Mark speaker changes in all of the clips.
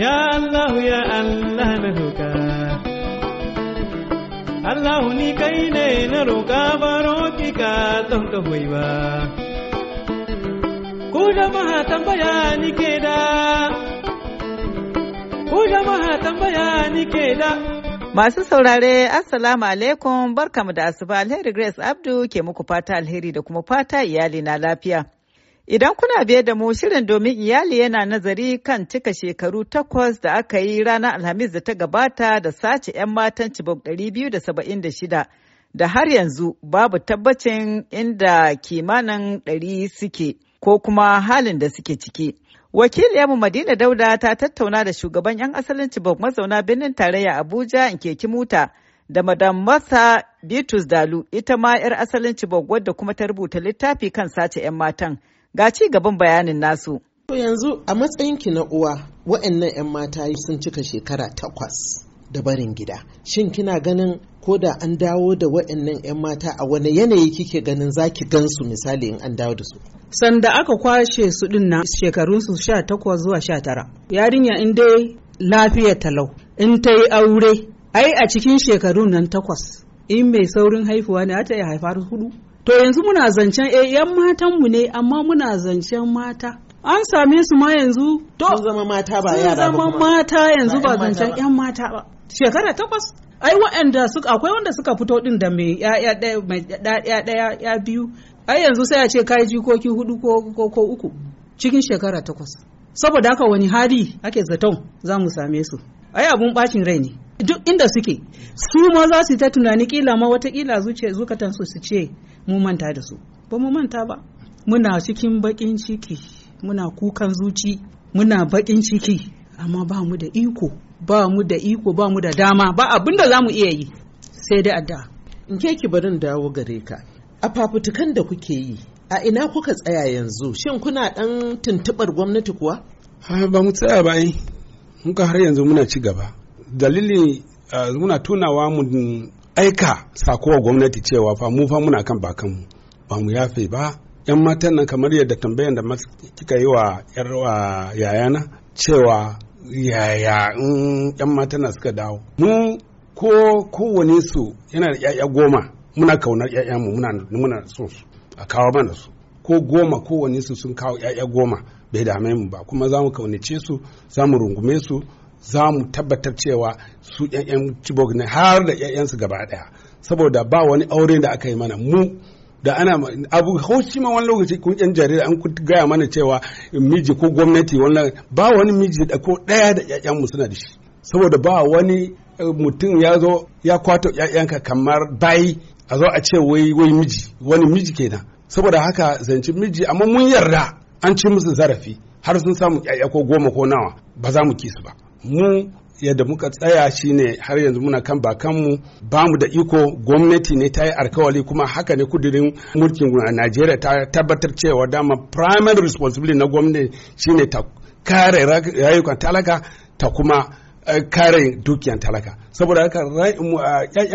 Speaker 1: يا Allah يا الله na الله Allah ni kai ne na roƙa baro ki ka don ka hoyi ba Ku jama'a tambaya ni ke da tambaya ni ke da
Speaker 2: Masu saurare Assalamu alaikum barkamu da asuba Alheri Grace Abdu ke muku fata alheri da kuma fata iyali na lafiya Idan kuna biye da mu shirin domin iyali yana nazari kan cika shekaru takwas da aka yi ranar Alhamis da ta gabata da sace 'yan matan Chibok 276 da da shida har yanzu babu tabbacin inda kimanin 100 suke ko kuma halin da suke ciki. Yamu Madina Dauda ta tattauna da shugaban 'yan asalin Chibok mazauna birnin tarayya Abuja Nkeki Muta da Madam Martha Bitrus Dalu ita ma 'yar asalin Chibok wadda kuma ta rubuta littafi kan sace 'yan
Speaker 3: matan. Ga ci gaban bayanin nasu. To yanzu a matsayin ki na uwa wa'annan 'yan mata sun cika shekara takwas da barin gida. Shin kina ganin ko da an dawo da wa'annan 'yan mata a wani yanayi kike ganin zaki gansu misali in an dawo da su? Sanda aka kwashe su din na shekarunsu sha takwas zuwa sha tara. Yarinya in
Speaker 1: dai lafiya talau in ta yi aure ai a cikin shekarun nan takwas in mai saurin haifuwa ne ta iya haifar hudu to yanzu muna zancen eh yan matanmu ne amma muna zancen mata an same su ma yanzu to sun zama mata ba yara ba zama mata yanzu ba zancen yan mata ba shekara takwas ai wa'anda suka akwai wanda suka fito din da mai ya ɗaya mai ɗaya ya biyu ai yanzu sai a ce kai jikoki hudu ko ko uku cikin shekara takwas saboda haka wani hali ake zaton za mu same su ai abun bacin rai ne duk inda suke su ma za su ta tunani kila ma kila zuciya zukatan su su ce mu manta da su ba mu manta ba muna cikin bakin ciki muna kukan zuci muna baƙin ciki amma ba mu da iko ba mu da iko ba mu da dama ba abinda za mu iya yi sai dai adda
Speaker 3: in ke ki barin dawo gare ka a fafutukan da kuke yi a ina kuka tsaya
Speaker 4: yanzu shin kuna dan tuntubar gwamnati kuwa ba mu tsaya ba muka har yanzu muna ci gaba dalili eh, muna tunawa mu aika sakowa gwamnati cewa fa mu fa muna kan bakan ba mu yafe ba yan matan nan kamar yadda tambayan da kika yi wa yar yayana cewa yaya in yan matan nan suka dawo mu ko kowane su yana da yaya goma muna kaunar yayanmu muna muna so su a kawo mana su ko goma kowane su sun kawo yaya goma bai dame mu ba kuma za mu kaunace su za mu rungume su za mu tabbatar cewa su 'ya'yan cibok ne har da 'ya'yansu gaba ɗaya saboda ba wani aure da aka yi mana mu da ana abu haushi ma wani lokaci kun yan jarida an gaya mana cewa miji ko gwamnati wannan ba wani miji da ko daya da 'ya'yan mu suna da shi saboda ba wani eh, mutum ya zo ya kwato 'ya'yanka kamar bayi a zo a ce wai wai miji wani miji kenan saboda haka zance miji amma mun yarda an ci musu zarafi har sun samu 'ya'ya ko goma ko nawa ba za mu ki su ba mu yadda muka tsaya shine har yanzu muna kan bakanmu ba mu da iko gwamnati ne ta yi alkawali kuma haka ne kudirin mulkin a najeriya ta tabbatar cewa dama primary responsibility na gwamnati shine ta kare rayukan talaka ta kuma eh, kare dukiyan talaka saboda haka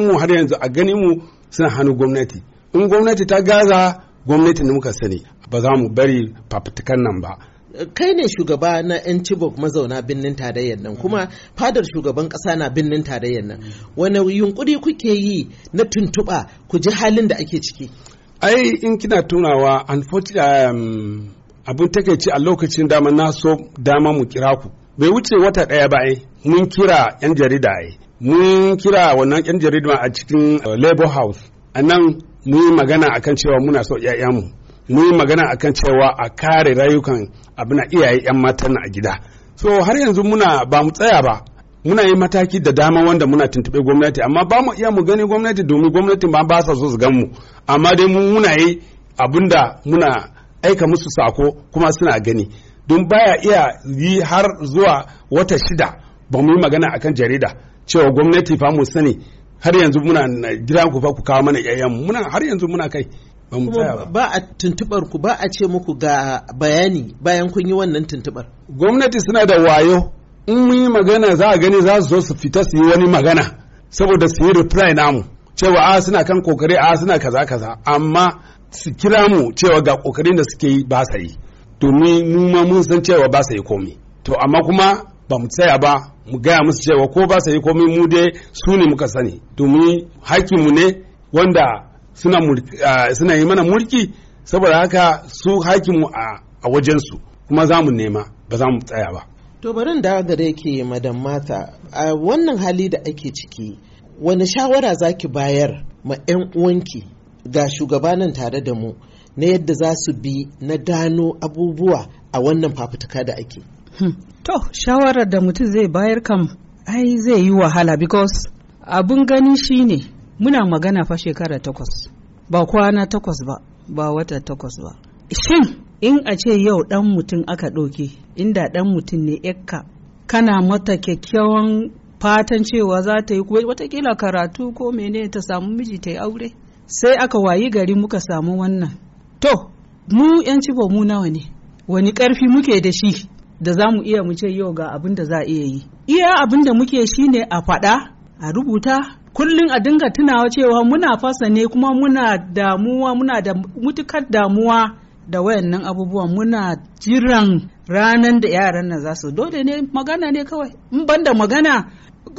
Speaker 4: mu har yanzu a gani mu suna hannu gwamnati in gwamnati ta gaza gwamnati ne muka sani ba za mu bari fafutukan nan ba
Speaker 3: kai ne shugaba na 'yan cibok mazauna birnin tarayyar nan kuma fadar shugaban kasa na birnin tarayyar nan wani yunkuri kuke yi
Speaker 4: na tuntuɓa ku ji halin da ake ciki ai in kina tunawa um, abin ci a lokacin dama na so dama mu kira ku bai wuce wata ɗaya ba ai mun kira 'yan jarida ai mun kira wannan 'yan jarida a cikin uh, labor house a nan mun yi magana akan cewa muna so 'ya'yanmu mu yi magana akan cewa a kare rayukan abin iyaye 'yan matan a gida so har yanzu muna ba mu tsaya ba muna yi mataki da dama wanda muna tuntuɓe gwamnati amma ba mu iya mu gani gwamnati domin gwamnati ba ba sa so su gan mu amma dai mu muna yi abinda muna aika musu sako kuma suna gani don baya iya yi har zuwa wata shida ba mu yi magana akan jarida cewa gwamnati fa mu sani har yanzu muna jira ku fa ku kawo mana yayan muna har yanzu muna kai ba a tuntubar ku ba a ce muku ga bayani bayan kun yi wannan tuntubar gwamnati suna da wayo in mun yi magana za a gani za su zo su fita su yi wani magana saboda su yi reply namu cewa a ah, suna kan kokari a ah, suna kaza kaza amma su kira mu cewa ga kokarin da suke yi ba sa yi domin mu ma mun san cewa ba sa yi komai to amma kuma ba mu tsaya ba mu gaya musu cewa ko ba sa yi komai mu dai su ne muka sani domin mu ne wanda suna yi mana mulki saboda haka su hakimu a wajensu kuma za mu nema ba za mu tsaya ba
Speaker 3: to barin da gare ke madam mata a wannan hali da ake ciki wani shawara zaki bayar ma 'yan uwanki ga shugaba tare da mu na yadda za su bi na dano abubuwa a wannan fafutuka da ake hmm. to
Speaker 1: shawarar da mutum zai bayar kam ai zai yi wahala because abun gani shine muna magana fa shekara takwas ba kwana takwas ba ba wata takwas ba shin in a ce yau dan mutum aka ɗauke inda dan mutum ne yakka kana mata kyakkyawan fatan cewa za ta yi watakila karatu ko mene ta samu miji ta yi aure sai aka wayi gari muka samu wannan to mu yan cibo mu nawa ne wani karfi muke da shi da za mu iya mu ce yau ga abin da za a iya yi iya abin da muke shi ne a faɗa a rubuta kullum a dinga tunawa cewa muna fasa ne kuma muna damuwa muna da mutukar damuwa da wayannan abubuwan muna jiran ranar da yaran nan za su dole ne magana ne kawai in da magana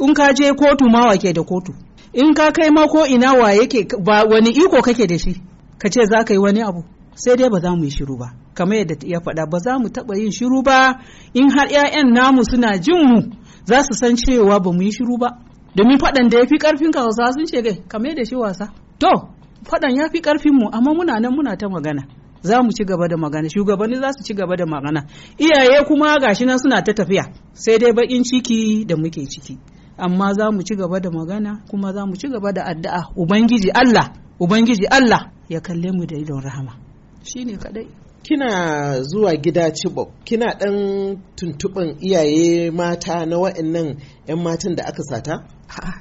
Speaker 1: in ka je kotu ma ke da kotu in ka kai ma ko ina wa yake ba wani iko kake da shi ka ce za ka yi wani abu sai dai ba za mu yi shiru ba kamar yadda ya faɗa ba za mu taɓa yin shiru ba in har 'ya'yan namu suna jin mu za su san cewa ba mu yi shiru ba domin faɗan da ya fi ƙarfin ka wasa sun ce ka mai da shi wasa to faɗan ya fi ƙarfin mu amma muna nan muna ta magana za mu ci gaba da magana shugabanni za su ci gaba da magana iyaye kuma gashi nan suna ta tafiya sai dai baƙin ciki da muke ciki amma za mu ci gaba da magana kuma za mu ci gaba da addu'a ubangiji Allah ubangiji Allah ya kalle mu da idon rahama shine kadai
Speaker 3: kina zuwa gida cibo kina ɗan tuntuban iyaye mata na wa'annan 'yan matan da aka sata?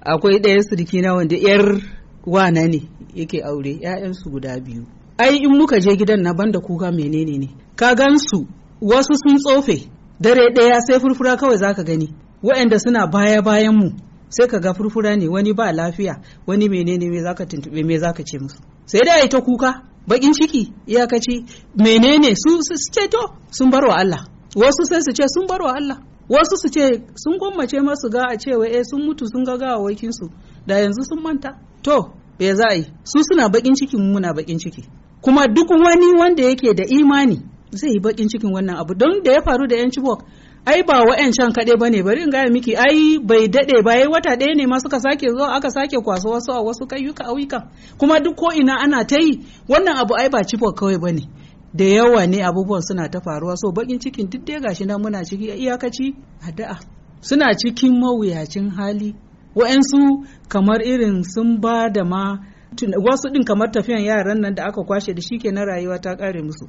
Speaker 1: Akwai ɗaya su na wanda 'yar wana ne yake aure 'ya'yansu guda biyu. Ai in muka je gidan na banda kuka menene ne. Ka gansu wasu sun tsofe dare ɗaya sai furfura kawai zaka gani. Wa'anda suna baya bayan mu sai ka ga furfura ne wani ba lafiya wani menene me zaka tuntube me zaka ce musu. Sai dai ai ta kuka bakin ciki iyakaci menene su su ce to sun barwa Allah wasu sai su ce sun barwa Allah wasu su ce sun gwammace masu ga a cewa eh sun mutu sun ga gawawakin su da yanzu sun manta to me za a yi su suna bakin ciki muna bakin ciki kuma duk wani wanda yake da imani zai yi bakin cikin wannan abu don da ya faru da yan chibok ai ba can kaɗai ba ne bari in gaya miki ai bai daɗe ba ya wata ɗaya ne ma suka sake zuwa aka sake kwaso wasu a wasu kayyuka auyuka kuma duk ko ina ana ta yi wannan abu ai ba cifo kawai ba ne da yawa ne abubuwan suna ta faruwa so bakin cikin duk dai gashi nan muna ciki iyakaci addu'a suna cikin mawuyacin hali wa'ansu kamar irin sun ba da ma wasu ɗin kamar tafiyan yaran nan da aka kwashe da shi na rayuwa ta ƙare musu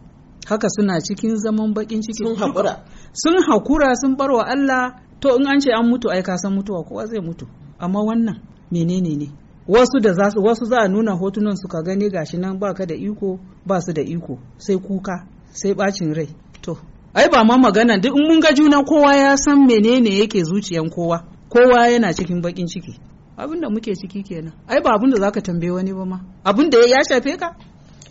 Speaker 1: haka suna cikin zaman bakin ciki sun hakura sun hakura sun barwa Allah to in an ce an mutu ai ka san mutuwa kowa zai mutu amma wannan menene ne wasu da za wasu za a nuna hotunan su ka gani gashi nan baka da iko ba su da iko sai kuka sai bacin rai to ai ba ma magana duk in mun ga juna kowa ya san menene yake zuciyan kowa kowa yana cikin bakin ciki abin da muke ciki kenan ai ba abin da zaka tambaye
Speaker 3: wani ba ma abin da ya shafe ka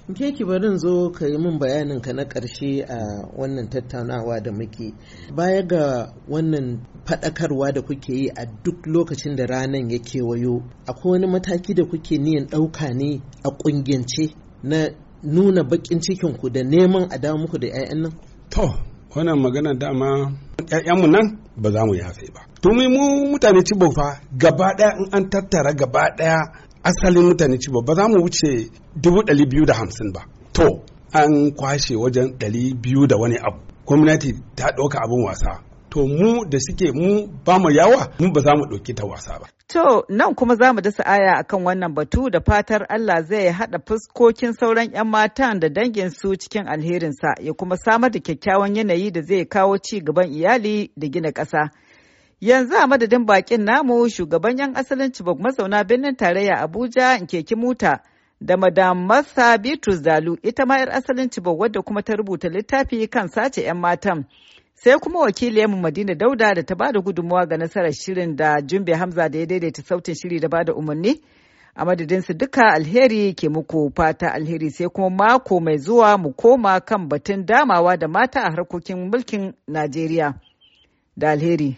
Speaker 3: Ke ki barin zo ka yi min bayanin ka na ƙarshe a wannan tattaunawa da muke. Baya ga wannan faɗakarwa da kuke yi a duk lokacin da ranar ya kewayo, akwai wani mataki da kuke niyan ɗauka ne a ƙungiyance na nuna baƙin cikinku da neman a dawo muku
Speaker 4: da 'ya'yan nan? To, wannan magana dama 'ya'yanmu nan ba za mu yafe ba. to mu mutane ci fa gaba ɗaya in an tattara gaba ɗaya asalin mutane cibo ba za mu wuce dubu ɗari da hamsin ba to an kwashe wajen ɗari biyu da wani abu gwamnati ta ɗauka abin wasa to mu da suke mu ba mu yawa mu ba za mu ɗauki ta wasa ba.
Speaker 2: To nan kuma za mu dasa aya akan wannan batu da fatar Allah zai haɗa fuskokin sauran 'yan matan da dangin su cikin alherinsa ya kuma samar da kyakkyawan yanayi da zai kawo ci gaban iyali da gina ƙasa. Yanzu a madadin bakin namu shugaban 'yan asalin Chibok mazauna birnin tarayya Abuja keke Muta da Madam Massa Bitrus Dalu ita ma 'yar asalin Chibok wadda kuma ta rubuta littafi kan sace 'yan matan. Sai kuma wakiliyarmu Madina Dauda da ta bada gudunmawa ga nasarar shirin da Jumbe Hamza da ya daidaita sautin shiri da bada umarni. A madadin su duka alheri ke muku fata alheri sai kuma mako mai zuwa mu koma kan batun damawa da mata a harkokin mulkin Najeriya. Da alheri.